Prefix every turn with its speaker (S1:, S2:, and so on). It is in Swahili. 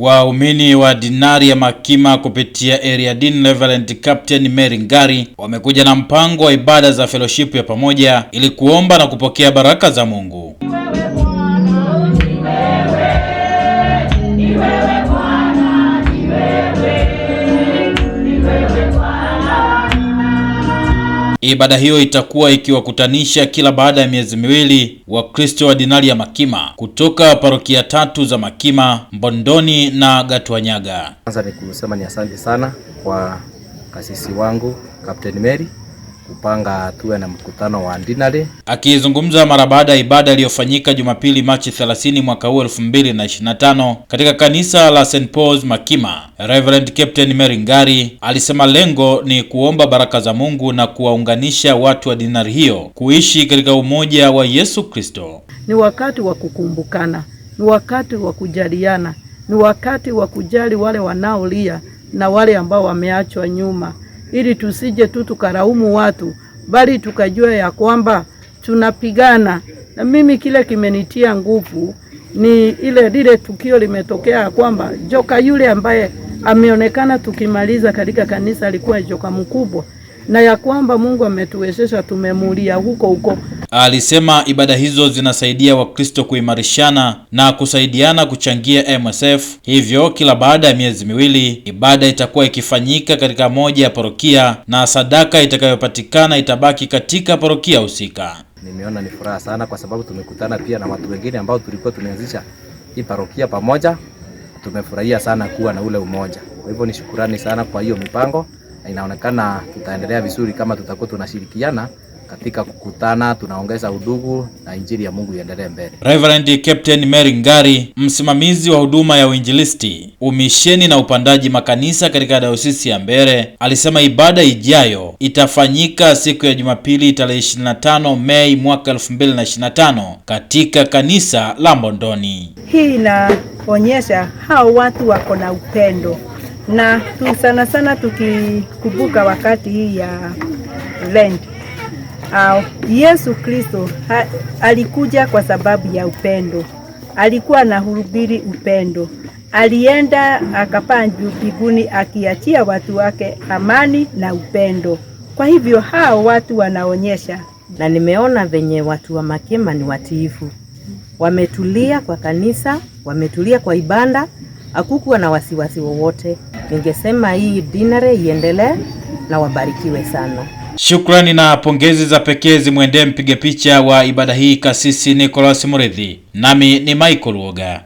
S1: Waumini wa dinari ya Makima kupitia area dean Reverend Captain Mary Ngari wamekuja na mpango wa ibada za fellowship ya pamoja ili kuomba na kupokea baraka za Mungu. Ibada hiyo itakuwa ikiwakutanisha kila baada ya miezi miwili Wakristo wa dinari ya Makima kutoka parokia tatu za Makima, Mbondoni na Gatwanyaga.
S2: Kwanza ni kusema ni asante sana kwa kasisi wangu Captain Mary kupanga tuwe na mkutano wa dinari.
S1: Akizungumza mara baada ya ibada iliyofanyika Jumapili Machi 30 mwaka huu 2025 katika kanisa la St Paul's Makima, Reverend Captain Mary Ngari alisema lengo ni kuomba baraka za Mungu na kuwaunganisha watu wa dinari hiyo kuishi katika umoja wa Yesu Kristo.
S3: Ni wakati wa kukumbukana, ni wakati wa kujaliana, ni wakati wa kujali wale wanaolia na wale ambao wameachwa nyuma ili tusije tu tukaraumu watu, bali tukajua ya kwamba tunapigana. Na mimi kile kimenitia nguvu ni ile lile tukio limetokea ya kwamba joka yule ambaye ameonekana tukimaliza katika kanisa alikuwa joka mkubwa, na ya kwamba Mungu ametuwezesha tumemulia huko huko
S1: Alisema ibada hizo zinasaidia Wakristo kuimarishana na kusaidiana kuchangia MSF. Hivyo kila baada ya miezi miwili ibada itakuwa ikifanyika katika moja ya parokia na sadaka itakayopatikana itabaki katika parokia husika.
S2: Nimeona ni furaha sana kwa sababu tumekutana pia na watu wengine ambao tulikuwa tumeanzisha hii parokia pamoja. Tumefurahia sana kuwa na ule umoja. Kwa hivyo ni shukurani sana kwa hiyo mipango, na inaonekana tutaendelea vizuri kama tutakuwa tunashirikiana katika kukutana, tunaongeza udugu na injili ya Mungu iendelee mbele.
S1: Reverend Captain Mary Ngari, msimamizi wa huduma ya uinjilisti, umisheni na upandaji makanisa katika Dayosisi ya Mbeere, alisema ibada ijayo itafanyika siku ya Jumapili tarehe 25 Mei mwaka 2025 katika kanisa la Mbondoni.
S3: Hii inaonyesha hao watu wako na upendo na tu sana sana tukikumbuka wakati hii ya Lent au Yesu Kristo alikuja kwa sababu ya upendo. Alikuwa anahubiri upendo. Alienda akapaa juu mbinguni akiachia watu wake amani na upendo. Kwa hivyo hao watu wanaonyesha,
S4: na nimeona venye watu wa Makema ni watiifu, wametulia kwa kanisa, wametulia kwa ibada, hakukuwa na wasiwasi wowote. Ningesema hii dinare iendelee na wabarikiwe sana.
S1: Shukrani na pongezi za pekee zimwendee mpiga picha wa ibada hii Kasisi Nicholas Muridhi. Nami ni Michael Woga.